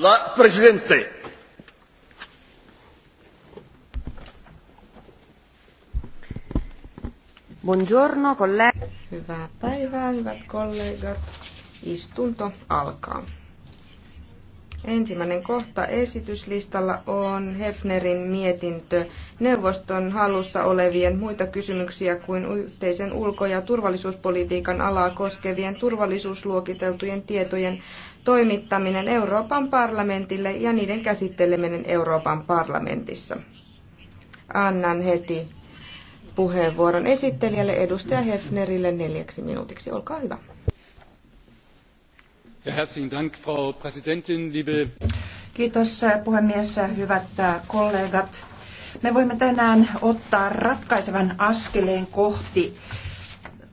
La Presidente. Buongiorno, collega. Hyvää päivää, hyvät kollegat. Istunto alkaa. Ensimmäinen kohta esityslistalla on Hefnerin mietintö neuvoston halussa olevien muita kysymyksiä kuin yhteisen ulko- ja turvallisuuspolitiikan alaa koskevien turvallisuusluokiteltujen tietojen toimittaminen Euroopan parlamentille ja niiden käsitteleminen Euroopan parlamentissa. Annan heti puheenvuoron esittelijälle edustaja Hefnerille neljäksi minuutiksi. Olkaa hyvä. Ja herzlichen Dank, Frau Präsidentin, liebe... Kiitos äh, puhemies, äh, hyvät äh, kollegat. Me voimme tänään ottaa ratkaisevan askeleen kohti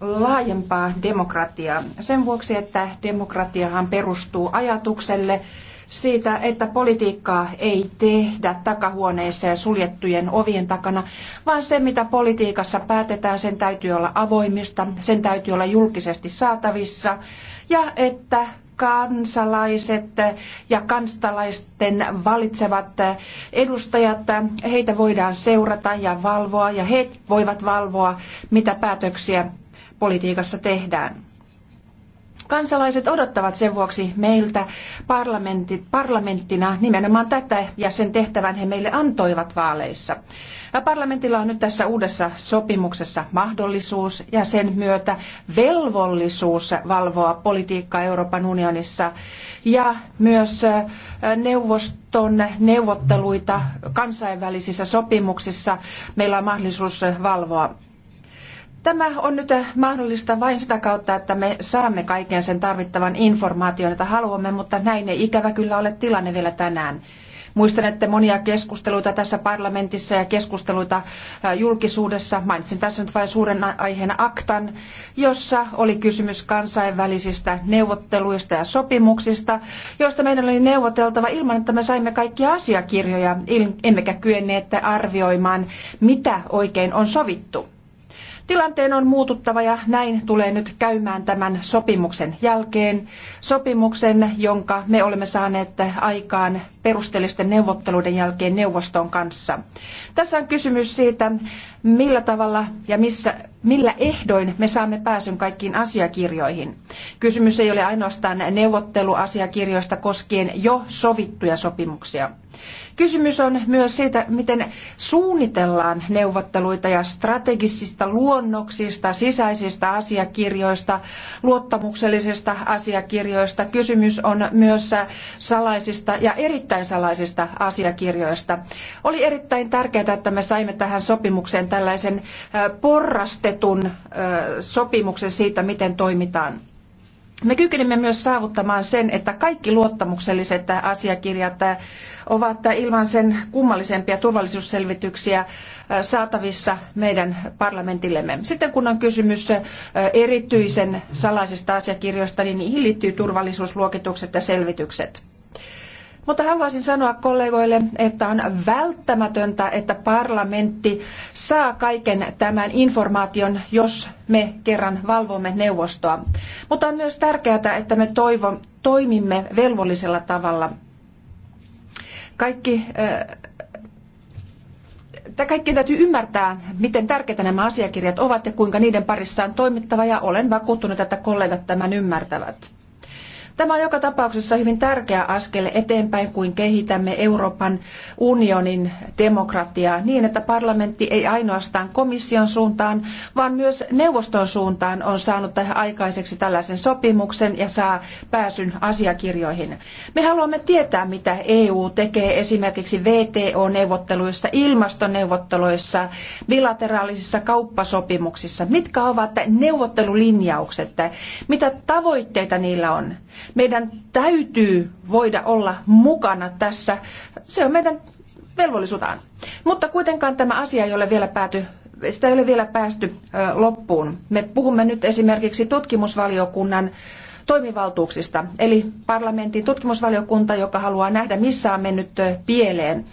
laajempaa demokratiaa. Sen vuoksi, että demokratiahan perustuu ajatukselle siitä, että politiikkaa ei tehdä takahuoneissa ja suljettujen ovien takana, vaan se, mitä politiikassa päätetään, sen täytyy olla avoimista, sen täytyy olla julkisesti saatavissa ja että kansalaiset ja kansalaisten valitsevat edustajat, heitä voidaan seurata ja valvoa ja he voivat valvoa, mitä päätöksiä politiikassa tehdään. Kansalaiset odottavat sen vuoksi meiltä parlamentti, parlamenttina nimenomaan tätä ja sen tehtävän he meille antoivat vaaleissa. Ja parlamentilla on nyt tässä uudessa sopimuksessa mahdollisuus ja sen myötä velvollisuus valvoa politiikkaa Euroopan unionissa ja myös neuvoston neuvotteluita kansainvälisissä sopimuksissa meillä on mahdollisuus valvoa Tämä on nyt eh, mahdollista vain sitä kautta, että me saamme kaiken sen tarvittavan informaation, jota haluamme, mutta näin ei ikävä kyllä ole tilanne vielä tänään. Muistan, että monia keskusteluita tässä parlamentissa ja keskusteluita eh, julkisuudessa, mainitsin tässä nyt vain suuren aiheen aktan, jossa oli kysymys kansainvälisistä neuvotteluista ja sopimuksista, joista meidän oli neuvoteltava ilman, että me saimme kaikkia asiakirjoja, emmekä kyenneet arvioimaan, mitä oikein on sovittu. Tilanteen on muututtava ja näin tulee nyt käymään tämän sopimuksen jälkeen. Sopimuksen, jonka me olemme saaneet aikaan perusteellisten neuvotteluiden jälkeen neuvoston kanssa. Tässä on kysymys siitä, millä tavalla ja missä, millä ehdoin me saamme pääsyn kaikkiin asiakirjoihin. Kysymys ei ole ainoastaan neuvotteluasiakirjoista koskien jo sovittuja sopimuksia. Kysymys on myös siitä, miten suunnitellaan neuvotteluita ja strategisista luonnoksista, sisäisistä asiakirjoista, luottamuksellisista asiakirjoista. Kysymys on myös salaisista ja erittäin salaisista asiakirjoista. Oli erittäin tärkeää, että me saimme tähän sopimukseen tällaisen äh, porrastetun äh, sopimuksen siitä, miten toimitaan. Me kykenimme myös saavuttamaan sen, että kaikki luottamukselliset asiakirjat ovat ilman sen kummallisempia turvallisuusselvityksiä saatavissa meidän parlamentillemme. Sitten kun on kysymys erityisen salaisista asiakirjoista, niin niihin liittyy turvallisuusluokitukset ja selvitykset. Mutta haluaisin sanoa kollegoille, että on välttämätöntä, että parlamentti saa kaiken tämän informaation, jos me kerran valvomme neuvostoa. Mutta on myös tärkeää, että me toivo, toimimme velvollisella tavalla. Kaikki eh, kaikkien täytyy ymmärtää, miten tärkeitä nämä asiakirjat ovat ja kuinka niiden parissa on toimittava, ja olen vakuuttunut, että kollegat tämän ymmärtävät. Tämä on joka tapauksessa hyvin tärkeä askel eteenpäin, kuin kehitämme Euroopan unionin demokratiaa niin, että parlamentti ei ainoastaan komission suuntaan, vaan myös neuvoston suuntaan on saanut aikaiseksi tällaisen sopimuksen ja saa pääsyn asiakirjoihin. Me haluamme tietää, mitä EU tekee esimerkiksi VTO-neuvotteluissa, ilmastoneuvotteluissa, bilateraalisissa kauppasopimuksissa. Mitkä ovat neuvottelulinjaukset? Mitä tavoitteita niillä on? Meidän täytyy voida olla mukana tässä. Se on meidän velvollisuutaan. Mutta kuitenkaan tämä asia ei ole vielä pääty sitä ei ole vielä päästy loppuun. Me puhumme nyt esimerkiksi tutkimusvaliokunnan toimivaltuuksista, eli parlamentin tutkimusvaliokunta, joka haluaa nähdä, missä on mennyt pieleen.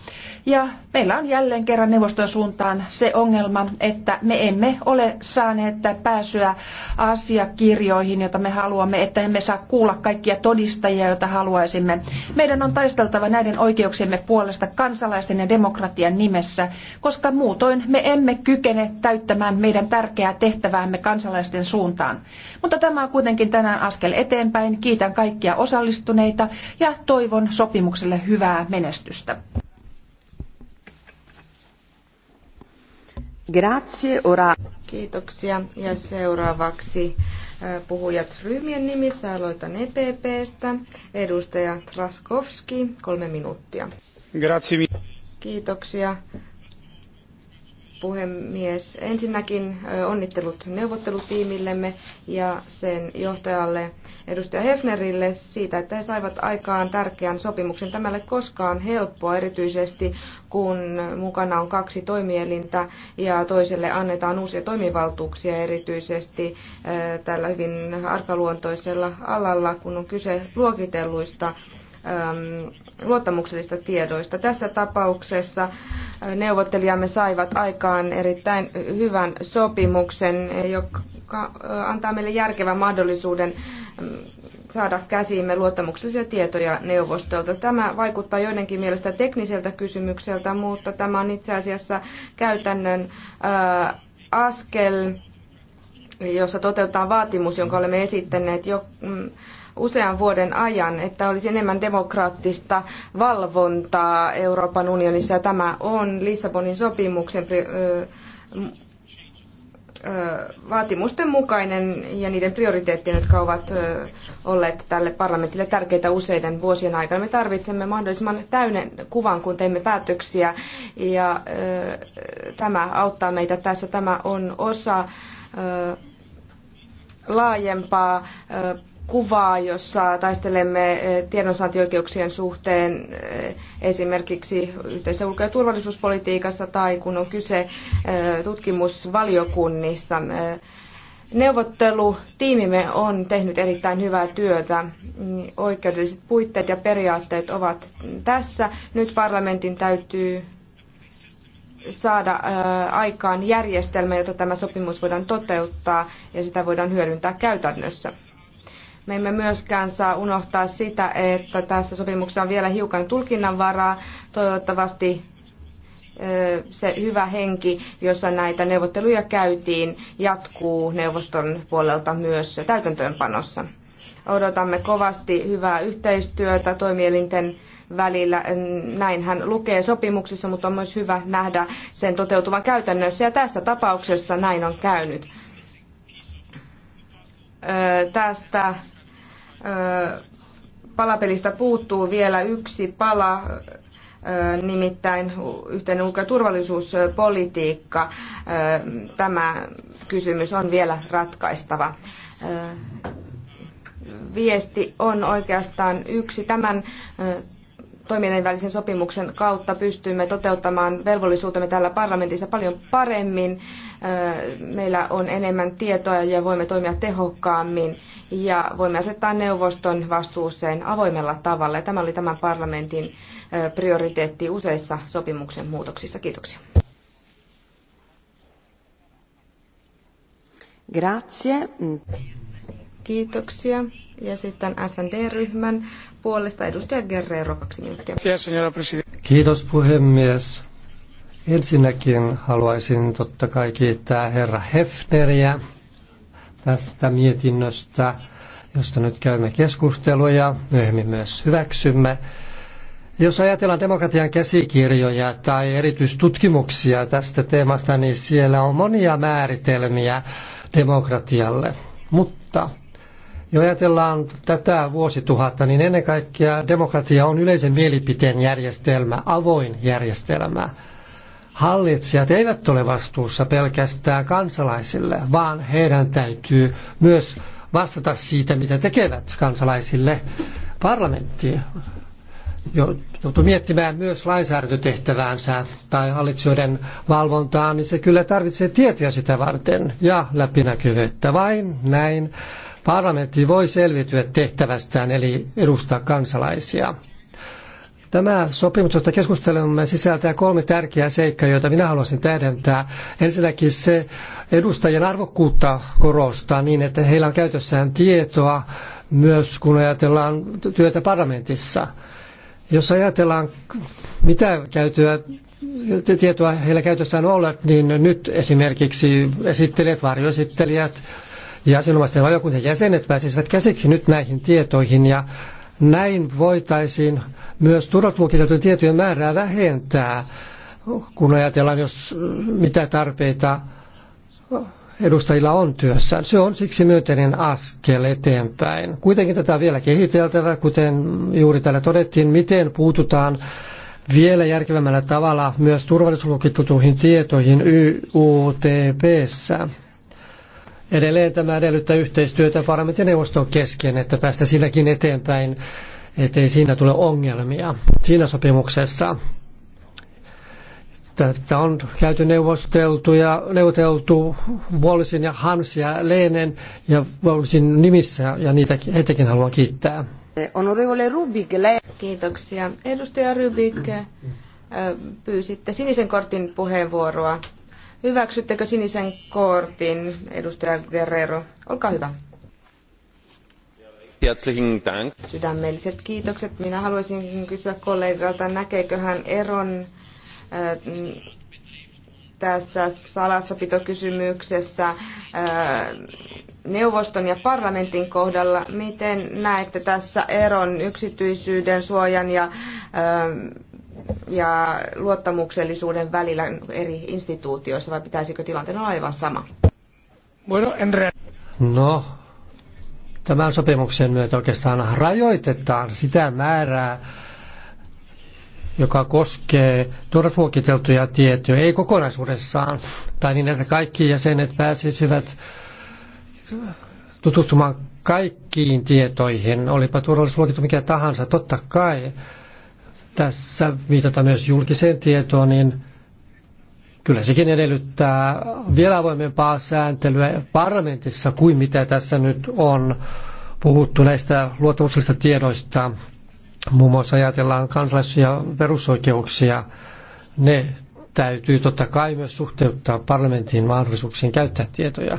Ja meillä on jälleen kerran neuvoston suuntaan se ongelma, että me emme ole saaneet pääsyä asiakirjoihin, joita me haluamme, että emme saa kuulla kaikkia todistajia, joita haluaisimme. Meidän on taisteltava näiden oikeuksiemme puolesta kansalaisten ja demokratian nimessä, koska muutoin me emme kykene täyttämään meidän tärkeää tehtäväämme kansalaisten suuntaan. Mutta tämä on kuitenkin tänään askel eteenpäin. Kiitän kaikkia osallistuneita ja toivon sopimukselle hyvää menestystä. Grazie, ora. Kiitoksia. Ja seuraavaksi puhujat ryhmien nimissä. Aloitan EPPstä. Edustaja Traskovski kolme minuuttia. Grazie. Kiitoksia puhemies. Ensinnäkin onnittelut neuvottelutiimillemme ja sen johtajalle edustaja Hefnerille siitä, että he saivat aikaan tärkeän sopimuksen. Tämälle koskaan helppoa, erityisesti kun mukana on kaksi toimielintä ja toiselle annetaan uusia toimivaltuuksia, erityisesti tällä hyvin arkaluontoisella alalla, kun on kyse luokitelluista luottamuksellista tiedoista. Tässä tapauksessa äh, neuvottelijamme saivat aikaan erittäin hyvän sopimuksen, joka äh, antaa meille järkevän mahdollisuuden mm, saada käsiimme luottamuksellisia tietoja neuvostolta. Tämä vaikuttaa joidenkin mielestä tekniseltä kysymykseltä, mutta tämä on itse asiassa käytännön äh, askel, jossa toteutetaan vaatimus, jonka olemme esittäneet jo mm, usean vuoden ajan, että olisi enemmän demokraattista valvontaa Euroopan unionissa. Tämä on Lissabonin sopimuksen vaatimusten mukainen ja niiden prioriteettien, jotka ovat olleet tälle parlamentille tärkeitä useiden vuosien aikana. Me tarvitsemme mahdollisimman täyden kuvan, kun teemme päätöksiä ja tämä auttaa meitä tässä. Tämä on osa laajempaa kuvaa, jossa taistelemme eh, tiedonsaantioikeuksien suhteen eh, esimerkiksi yhteisessä ulko- ja turvallisuuspolitiikassa tai kun on kyse eh, tutkimusvaliokunnissa. Neuvottelutiimimme on tehnyt erittäin hyvää työtä. Oikeudelliset puitteet ja periaatteet ovat tässä. Nyt parlamentin täytyy saada aikaan järjestelmä, jotta tämä sopimus voidaan toteuttaa ja sitä voidaan hyödyntää käytännössä. Me emme myöskään saa unohtaa sitä, että tässä sopimuksessa on vielä hiukan tulkinnanvaraa. Toivottavasti se hyvä henki, jossa näitä neuvotteluja käytiin, jatkuu neuvoston puolelta myös täytäntöönpanossa. Odotamme kovasti hyvää yhteistyötä toimielinten välillä. Näinhän lukee sopimuksissa, mutta on myös hyvä nähdä sen toteutuvan käytännössä. Ja tässä tapauksessa näin on käynyt. Tästä palapelistä puuttuu vielä yksi pala, nimittäin yhteinen ulko- ja turvallisuuspolitiikka. Tämä kysymys on vielä ratkaistava. Viesti on oikeastaan yksi tämän toimijoiden välisen sopimuksen kautta pystymme toteuttamaan velvollisuutemme täällä parlamentissa paljon paremmin. Meillä on enemmän tietoa ja voimme toimia tehokkaammin ja voimme asettaa neuvoston vastuuseen avoimella tavalla. Tämä oli tämän parlamentin prioriteetti useissa sopimuksen muutoksissa. Kiitoksia. Grazie. Kiitoksia. Ja sitten SND-ryhmän puolesta edustaja Guerrero, kaksi minuuttia. Kiitos puhemies. Ensinnäkin haluaisin totta kai kiittää herra Hefneriä tästä mietinnöstä, josta nyt käymme keskustelua ja myöhemmin myös hyväksymme. Jos ajatellaan demokratian käsikirjoja tai erityistutkimuksia tästä teemasta, niin siellä on monia määritelmiä demokratialle. Mutta jo ajatellaan tätä vuosituhatta, niin ennen kaikkea demokratia on yleisen mielipiteen järjestelmä, avoin järjestelmä. Hallitsijat eivät ole vastuussa pelkästään kansalaisille, vaan heidän täytyy myös vastata siitä, mitä tekevät kansalaisille. Parlamentti joutuu miettimään myös lainsäädäntötehtäväänsä tai hallitsijoiden valvontaa, niin se kyllä tarvitsee tietoja sitä varten ja läpinäkyvyyttä. Vain näin Parlamentti voi selviytyä tehtävästään, eli edustaa kansalaisia. Tämä sopimus, josta keskustelemme, sisältää kolme tärkeää seikkaa, joita minä haluaisin tähdentää. Ensinnäkin se edustajien arvokkuutta korostaa niin, että heillä on käytössään tietoa myös kun ajatellaan työtä parlamentissa. Jos ajatellaan, mitä käytyä tietoa heillä käytössään on ollut, niin nyt esimerkiksi esittelijät, varjoesittelijät, ja asianomaisten valiokuntien jäsenet pääsisivät käsiksi nyt näihin tietoihin ja näin voitaisiin myös turvatluokiteltujen tietojen määrää vähentää, kun ajatellaan, jos mitä tarpeita edustajilla on työssään. Se on siksi myönteinen askel eteenpäin. Kuitenkin tätä on vielä kehiteltävä, kuten juuri täällä todettiin, miten puututaan vielä järkevämmällä tavalla myös turvallisuusluokiteltuihin tietoihin YUTPssä. Edelleen tämä edellyttää yhteistyötä parlamentin ja neuvoston kesken, että päästä siinäkin eteenpäin, ettei siinä tule ongelmia siinä sopimuksessa. Tätä on käyty neuvosteltu ja neuvoteltu Wallisin ja Hans ja Leenen ja Wallisin nimissä ja niitä heitäkin haluan kiittää. Honorevole Rubik. Kiitoksia. Edustaja Rubik, pyysitte sinisen kortin puheenvuoroa. Hyväksyttekö sinisen kortin, edustaja Guerrero? Olkaa hyvä. Sydämelliset kiitokset. Minä haluaisin kysyä kollegalta, näkeekö hän eron äh, tässä salassapitokysymyksessä äh, neuvoston ja parlamentin kohdalla. Miten näette tässä eron yksityisyyden suojan ja äh, ja luottamuksellisuuden välillä eri instituutioissa, vai pitäisikö tilanteen olla aivan sama? No, tämän sopimuksen myötä oikeastaan rajoitetaan sitä määrää, joka koskee turvasluokiteltuja tietoja, ei kokonaisuudessaan, tai niin, että kaikki jäsenet pääsisivät tutustumaan kaikkiin tietoihin, olipa turvallisuusluokitus mikä tahansa, totta kai tässä viitata myös julkiseen tietoon, niin kyllä sekin edellyttää vielä avoimempaa sääntelyä parlamentissa kuin mitä tässä nyt on puhuttu näistä luottamuksellisista tiedoista. Muun muassa ajatellaan kansalais- ja perusoikeuksia. Ne täytyy totta kai myös suhteuttaa parlamentin mahdollisuuksiin käyttää tietoja.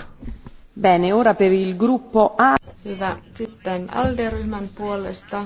Bene, ora per il gruppo A. Hyvä. Sitten ALDE-ryhmän puolesta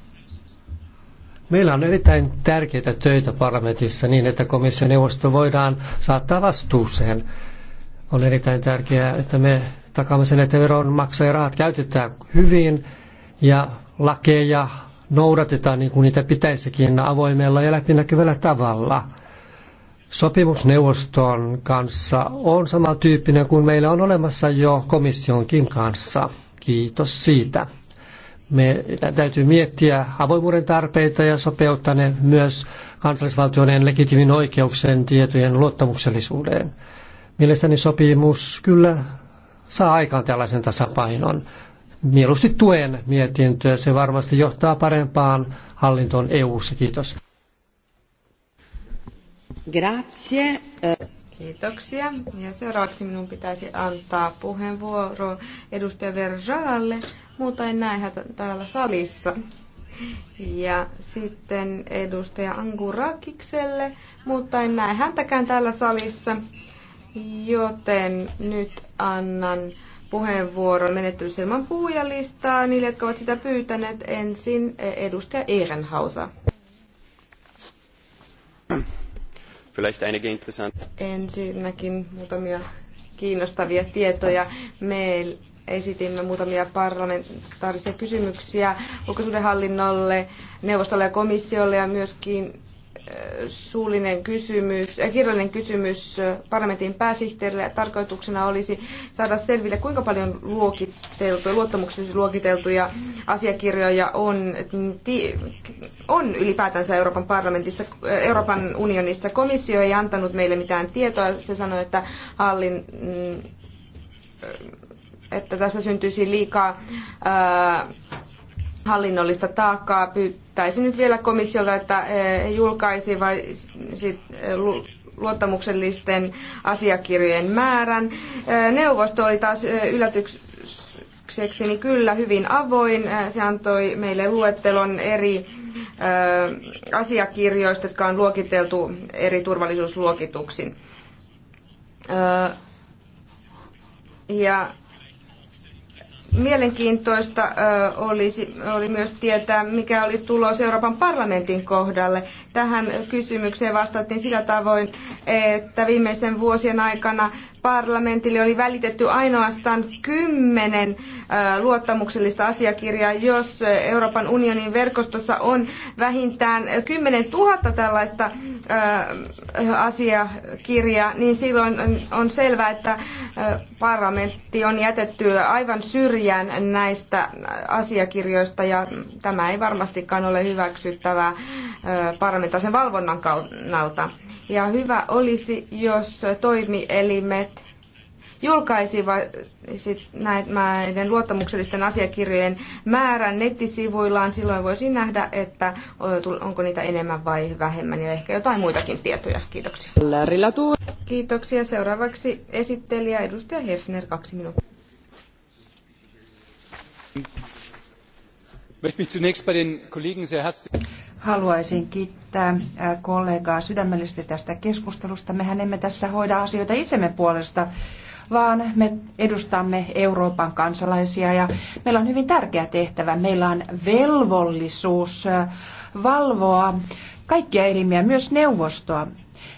Meillä on erittäin tärkeitä töitä parlamentissa niin, että komissio-neuvosto voidaan saattaa vastuuseen. On erittäin tärkeää, että me takaamme sen, että veronmaksajarahat käytetään hyvin ja lakeja noudatetaan niin kuin niitä pitäisikin avoimella ja läpinäkyvällä tavalla. Sopimusneuvoston kanssa on samantyyppinen kuin meillä on olemassa jo komissionkin kanssa. Kiitos siitä. Me täytyy miettiä avoimuuden tarpeita ja sopeuttaa ne myös kansallisvaltioiden legitimin oikeuksien tietojen luottamuksellisuuteen. Mielestäni sopimus kyllä saa aikaan tällaisen tasapainon. Mieluusti tuen mietintöä. Se varmasti johtaa parempaan hallintoon EU-ssa. Kiitos. Grazie. Kiitoksia. Ja seuraavaksi minun pitäisi antaa puheenvuoro edustaja Verjalalle. Muuta en näe häntä täällä salissa. Ja sitten edustaja Angurakikselle, mutta en näe häntäkään täällä salissa. Joten nyt annan puheenvuoron menettelyselman puhujalistaa niille, jotka ovat sitä pyytäneet. Ensin eh, edustaja Ehrenhausa. Vielleicht einige interessante. Ensinnäkin muutamia kiinnostavia tietoja. Meillä esitimme muutamia parlamentaarisia kysymyksiä ulkosuudenhallinnolle, neuvostolle ja komissiolle ja myöskin suullinen kysymys, kirjallinen kysymys parlamentin pääsihteerille. Tarkoituksena olisi saada selville, kuinka paljon luokiteltuja, luottamuksellisesti luokiteltuja asiakirjoja on, on ylipäätänsä Euroopan parlamentissa, Euroopan unionissa. Komissio ei antanut meille mitään tietoa. Se sanoi, että hallin, että tässä syntyisi liikaa hallinnollista taakkaa. Pyytäisin nyt vielä komissiolta, että he julkaisi vai sit, luottamuksellisten asiakirjojen määrän. Neuvosto oli taas yllätyksekseni niin kyllä hyvin avoin. Se antoi meille luettelon eri asiakirjoista, jotka on luokiteltu eri turvallisuusluokituksin. Ja Mielenkiintoista oli myös tietää, mikä oli tulos Euroopan parlamentin kohdalle. Tähän kysymykseen vastattiin sillä tavoin, että viimeisten vuosien aikana parlamentille oli välitetty ainoastaan kymmenen luottamuksellista asiakirjaa. Jos Euroopan unionin verkostossa on vähintään kymmenen 000 tällaista asiakirjaa, niin silloin on selvää, että parlamentti on jätetty aivan syrjään näistä asiakirjoista ja tämä ei varmastikaan ole hyväksyttävää parlamentaarisen valvonnan kannalta. Ja hyvä olisi, jos toimielimet julkaisivat näiden luottamuksellisten asiakirjojen määrän nettisivuillaan. Silloin voisi nähdä, että onko niitä enemmän vai vähemmän ja ehkä jotain muitakin tietoja. Kiitoksia. Kiitoksia. Seuraavaksi esittelijä edustaja Hefner, kaksi minuuttia. möchte mich zunächst bei den Kollegen sehr herzlich Haluaisin kiittää kollegaa sydämellisesti tästä keskustelusta. Mehän emme tässä hoida asioita itsemme puolesta, vaan me edustamme Euroopan kansalaisia ja meillä on hyvin tärkeä tehtävä. Meillä on velvollisuus valvoa kaikkia elimiä, myös neuvostoa.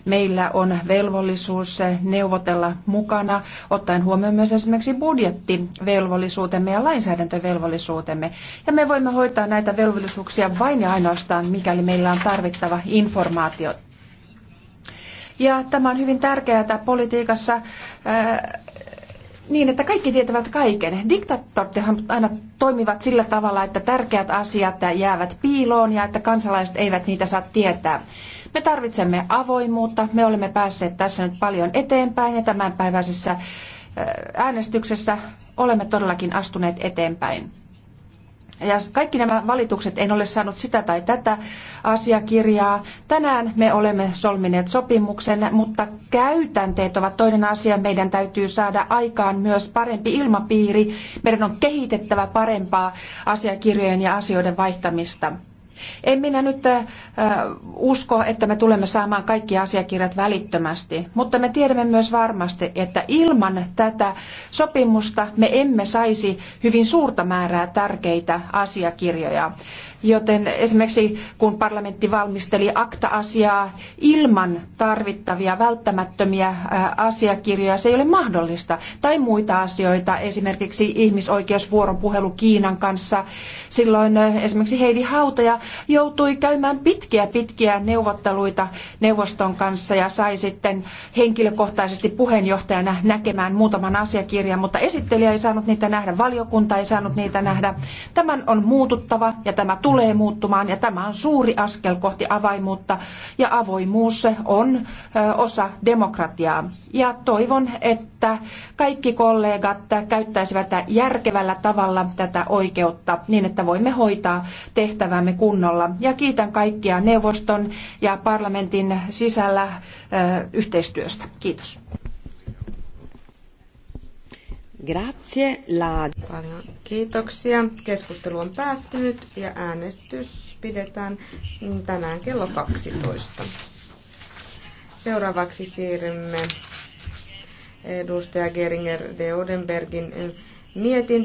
Meillä on velvollisuus neuvotella mukana, ottaen huomioon myös esimerkiksi budjettivelvollisuutemme ja lainsäädäntövelvollisuutemme. Ja me voimme hoitaa näitä velvollisuuksia vain ja ainoastaan, mikäli meillä on tarvittava informaatio. Ja tämä on hyvin tärkeää politiikassa. Ää, niin, että kaikki tietävät kaiken. Diktaattorithan aina toimivat sillä tavalla, että tärkeät asiat jäävät piiloon ja että kansalaiset eivät niitä saa tietää. Me tarvitsemme avoimuutta, me olemme päässeet tässä nyt paljon eteenpäin ja tämänpäiväisessä äänestyksessä olemme todellakin astuneet eteenpäin. Ja kaikki nämä valitukset, en ole saanut sitä tai tätä asiakirjaa. Tänään me olemme solmineet sopimuksen, mutta käytänteet ovat toinen asia. Meidän täytyy saada aikaan myös parempi ilmapiiri. Meidän on kehitettävä parempaa asiakirjojen ja asioiden vaihtamista. En minä nyt äh, usko, että me tulemme saamaan kaikki asiakirjat välittömästi, mutta me tiedämme myös varmasti, että ilman tätä sopimusta me emme saisi hyvin suurta määrää tärkeitä asiakirjoja. Joten esimerkiksi kun parlamentti valmisteli akta-asiaa ilman tarvittavia välttämättömiä äh, asiakirjoja, se ei ole mahdollista. Tai muita asioita, esimerkiksi ihmisoikeusvuoropuhelu Kiinan kanssa. Silloin äh, esimerkiksi Heidi Hautaja joutui käymään pitkiä pitkiä neuvotteluita neuvoston kanssa ja sai sitten henkilökohtaisesti puheenjohtajana näkemään muutaman asiakirjan, mutta esittelijä ei saanut niitä nähdä, valiokunta ei saanut niitä nähdä. Tämän on muututtava ja tämä tulee muuttumaan ja tämä on suuri askel kohti avaimuutta ja avoimuus on osa demokratiaa. Ja toivon, että kaikki kollegat käyttäisivät järkevällä tavalla tätä oikeutta niin, että voimme hoitaa tehtävämme kun kunnolla. Ja kiitän kaikkia neuvoston ja parlamentin sisällä yhteistyöstä. Kiitos. Grazie. La... Paljon kiitoksia. Keskustelu on päättynyt ja äänestys pidetään tänään kello 12. Seuraavaksi siirrymme edustaja Geringer de Odenbergin mietintöön.